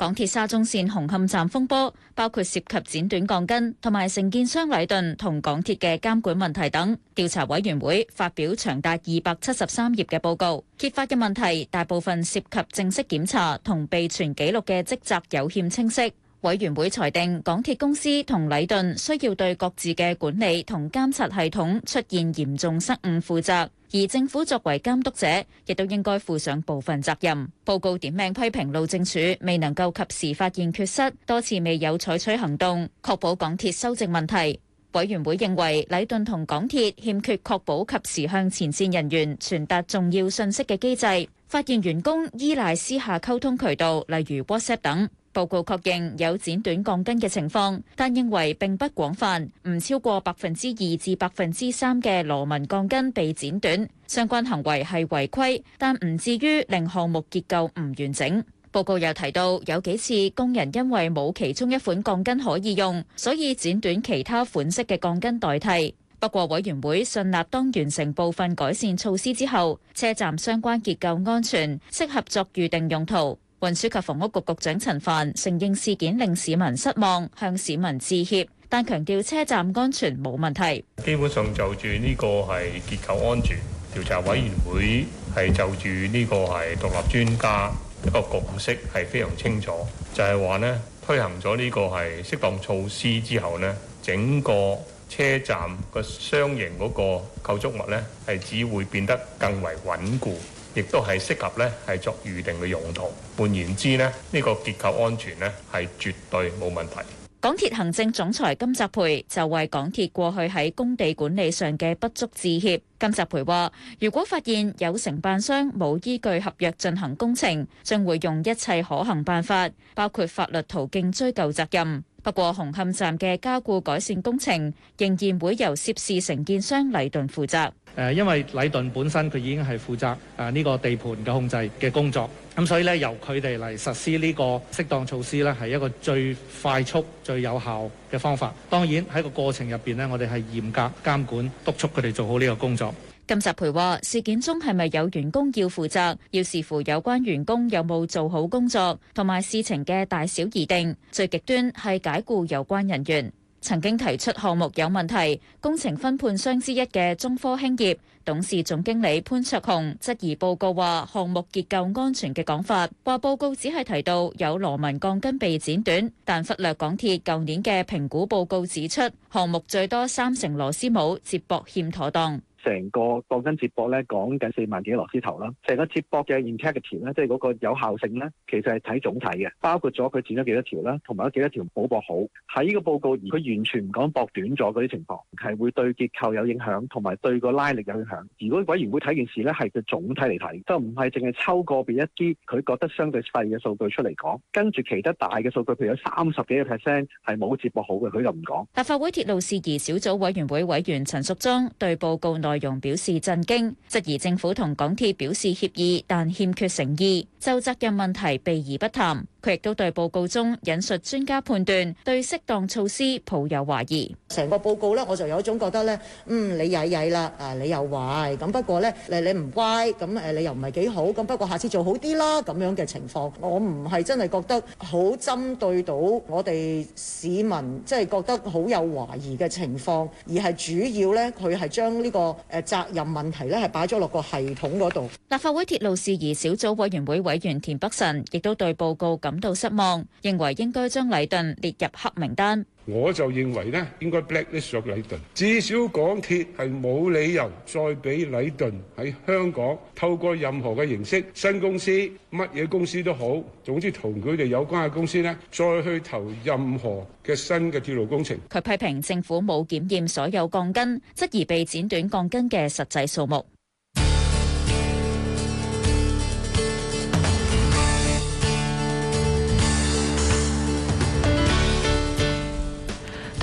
港鐵沙中線紅磡站風波，包括涉及剪短鋼筋同埋承建商禮頓同港鐵嘅監管問題等，調查委員會發表長達二百七十三頁嘅報告，揭發嘅問題大部分涉及正式檢查同備存記錄嘅職責有欠清晰。委員會裁定港鐵公司同禮頓需要對各自嘅管理同監察系統出現嚴重失誤負責。而政府作為監督者，亦都應該負上部分責任。報告點名批評路政署未能夠及時發現缺失，多次未有採取行動，確保港鐵修正問題。委員會認為，禮頓同港鐵欠缺確保及時向前線人員傳達重要信息嘅機制，發現員工依賴私下溝通渠道，例如 WhatsApp 等。報告確認有剪短鋼筋嘅情況，但認為並不廣泛，唔超過百分之二至百分之三嘅螺紋鋼筋被剪短。相關行為係違規，但唔至於令項目結構唔完整。報告又提到有幾次工人因為冇其中一款鋼筋可以用，所以剪短其他款式嘅鋼筋代替。不過，委員會信納當完成部分改善措施之後，車站相關結構安全，適合作預定用途。運輸及房屋局局長陳帆，承認事件令市民失望，向市民致歉，但強調車站安全冇問題。基本上就住這個是結構安全，調查委員會係就住這個是獨立專家，一個共識是非常清楚，就係話推行咗這個是適當措施之後，整個車站的雙型嗰個構築物只會變得更為穩固。亦都係適合呢，係作預定嘅用途。換言之呢，呢個結構安全呢，係絕對冇問題。港鐵行政總裁金澤培就為港鐵過去喺工地管理上嘅不足致歉。金澤培話：如果發現有承辦商冇依據合約進行工程，將會用一切可行辦法，包括法律途徑追究責任。不過，紅磡站嘅加固改善工程仍然會由涉事承建商禮頓負責。誒，因為禮頓本身佢已經係負責誒呢個地盤嘅控制嘅工作，咁所以咧由佢哋嚟實施呢個適當措施咧，係一個最快速、最有效嘅方法。當然喺個過程入邊咧，我哋係嚴格監管，督促佢哋做好呢個工作。金澤培話：事件中係咪有員工要負責？要視乎有關員工有冇做好工作，同埋事情嘅大小而定。最極端係解僱有關人員。曾經提出項目有問題，工程分判商之一嘅中科興業董事總經理潘焯鴻質疑報告話項目結構安全嘅講法，話報告只係提到有螺紋鋼筋被剪短，但忽略港鐵舊年嘅評估報告指出項目最多三成螺絲帽接駁欠妥當。成個鋼筋接駁咧，講緊四萬幾螺絲頭啦。成個接駁嘅 integrity 咧，即係嗰個有效性咧，其實係睇總體嘅，包括咗佢剪咗幾多條啦，同埋有幾多條補駁好喺呢個報告而。佢完全唔講駁短咗嗰啲情況，係會對結構有影響，同埋對個拉力有影響。如果委員會睇件事咧，係嘅總體嚟睇，就唔係淨係抽個別一啲佢覺得相對細嘅數據出嚟講，跟住其他的大嘅數據，譬如有三十幾個 percent 係冇接駁好嘅，佢就唔講。立法會鐵路事宜小組委員會委員陳淑莊對報告內容表示震驚，質疑政府同港鐵表示歉意，但欠缺誠意，就責任問題避而不談。佢亦都對報告中引述專家判斷對適當措施抱有懷疑。成個報告呢，我就有一種覺得呢：「嗯，你曳曳啦，啊，你又壞。咁不過呢，誒，你唔乖，咁誒，你又唔係幾好。咁不過下次做好啲啦，咁樣嘅情況，我唔係真係覺得好針對到我哋市民，即係覺得好有懷疑嘅情況，而係主要呢，佢係將呢個誒，責任問題呢，係擺咗落個系統嗰度。立法會鐵路事宜小組委員會委員田北辰亦都對報告咁感到失望,認為應該將禮頓列入黑名單。我就認為呢應該 blacklist 禮頓。至少港鐵係冇理由再俾禮頓喺香港透過任何嘅形式。新公司,乜嘢公司都好,總之同佢哋有關嘅公司呢,再去投任何嘅新嘅鐵路工程。佢批評政府冇檢驗所有鋼筋,質疑被剪短鋼筋嘅實際數目。Like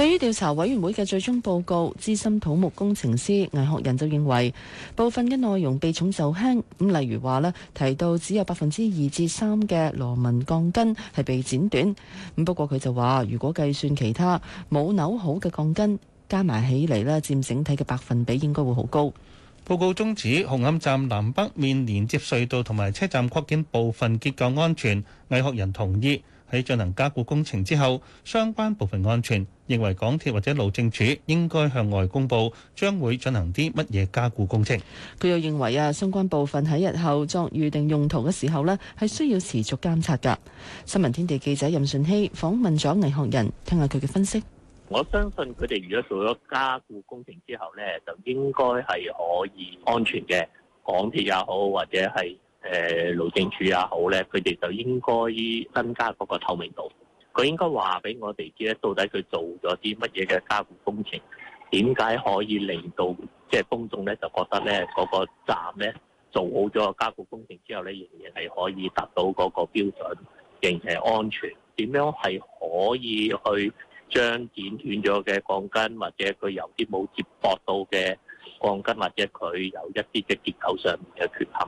至於調查委員會嘅最終報告，資深土木工程師倪學仁就認為，部分嘅內容避重就輕，咁例如話咧提到只有百分之二至三嘅螺紋鋼筋係被剪短，咁不過佢就話如果計算其他冇扭好嘅鋼筋加埋起嚟咧，佔整體嘅百分比應該會好高。報告中指，紅磡站南北面連接隧道同埋車站擴建部分結構安全，倪學仁同意。喺進行加固工程之後，相關部分安全，認為港鐵或者路政署應該向外公佈將會進行啲乜嘢加固工程。佢又認為啊，相關部分喺日後作預定用途嘅時候咧，係需要持續監察㗎。新聞天地記者任順熙訪問咗倪學仁，聽下佢嘅分析。我相信佢哋如果做咗加固工程之後咧，就應該係可以安全嘅。港鐵也好，或者係，誒路政署也好咧，佢哋就應該增加嗰個透明度。佢應該話俾我哋知咧，到底佢做咗啲乜嘢嘅加固工程，點解可以令到即係公眾咧就覺得咧嗰個站咧做好咗個加固工程之後咧，仍然係可以達到嗰個標準，仍然係安全。點樣係可以去將剪斷咗嘅鋼筋，或者佢有啲冇接駁到嘅鋼筋，或者佢有一啲嘅結構上面嘅缺陷？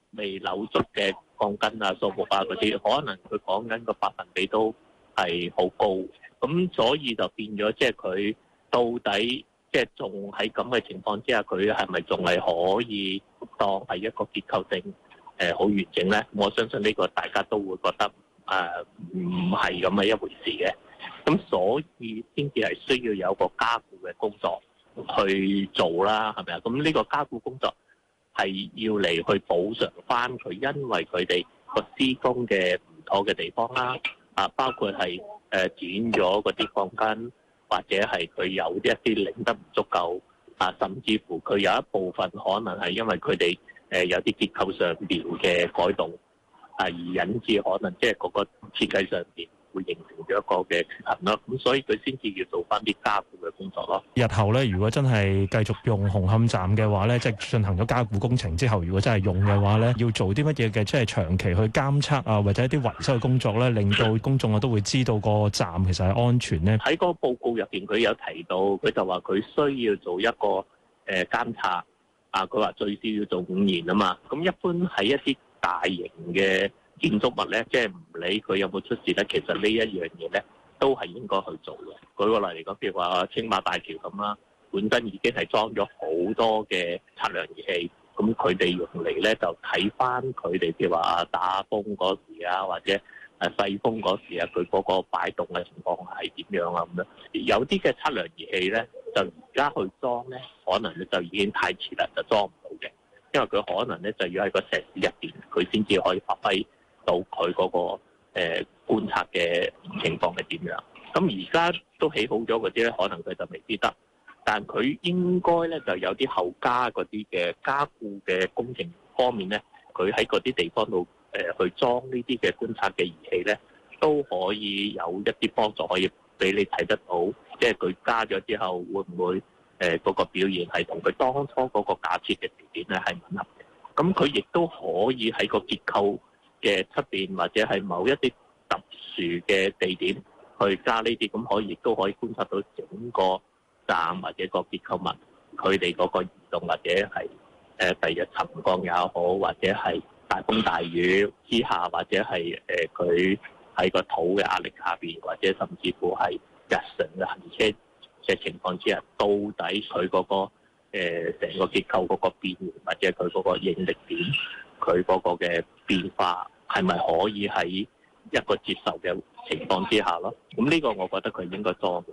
未扭足嘅鋼筋啊、塑木啊嗰啲，可能佢講緊個百分比都係好高，咁所以就變咗，即係佢到底即係仲喺咁嘅情況之下，佢係咪仲係可以當係一個結構性誒好、呃、完整咧？我相信呢個大家都會覺得誒唔係咁嘅一回事嘅，咁所以先至係需要有一個加固嘅工作去做啦，係咪啊？咁呢個加固工作。係要嚟去補償翻佢，因為佢哋個施工嘅唔妥嘅地方啦，啊，包括係誒剪咗嗰啲鋼筋，或者係佢有啲一啲拎得唔足夠，啊，甚至乎佢有一部分可能係因為佢哋誒有啲結構上邊嘅改動，係而引致可能即係嗰個設計上邊。會形成咗一個嘅裂痕啦，咁所以佢先至要做返啲加固嘅工作咯。日後咧，如果真係繼續用紅磡站嘅話咧，即係進行咗加固工程之後，如果真係用嘅話咧，要做啲乜嘢嘅，即係長期去監測啊，或者一啲維修嘅工作咧，令到公眾啊都會知道個站其實係安全咧。喺個報告入邊，佢有提到，佢就話佢需要做一個誒監測啊，佢話最少要做五年啊嘛。咁一般喺一啲大型嘅。建築物咧，即係唔理佢有冇出事咧，其實呢一樣嘢咧都係應該去做嘅。舉個例嚟講，譬如話啊，青馬大橋咁啦，本身已經係裝咗好多嘅測量儀器，咁佢哋用嚟咧就睇翻佢哋譬如話打風嗰時啊，或者啊細風嗰時啊，佢嗰個擺動嘅情況係點樣啊咁樣。有啲嘅測量儀器咧，就而家去裝咧，可能咧就已經太遲啦，就裝唔到嘅，因為佢可能咧就要喺個石屎入邊，佢先至可以發揮。到佢嗰、嗰個誒、呃、觀察嘅情況係點樣，咁而家都起好咗嗰啲咧，可能佢就未必得。但佢應該咧就有啲後加嗰啲嘅加固嘅工程方面咧，佢喺嗰啲地方度，誒、呃、去裝呢啲嘅觀察嘅儀器咧，都可以有一啲幫助，可以俾你睇得到。即係佢加咗之後會唔會誒嗰、呃嗰個表現係同佢當初嗰個假設嘅條件咧係吻合嘅？咁佢亦都可以喺個結構。嘅出邊或者係某一啲特殊嘅地點去加呢啲，咁可以亦都可以觀察到整個站或者個結構物佢哋嗰個移動或者係誒、呃、第日沉降也好，或者係大風大雨之下，或者係誒佢喺個土嘅壓力下邊，或者甚至乎係日常嘅行車嘅情況之下，到底佢嗰、那個誒成、呃、個結構嗰個變形或者佢嗰個應力點。佢嗰個嘅變化係咪可以喺一個接受嘅情況之下咯？咁呢個我覺得佢應該多嘅。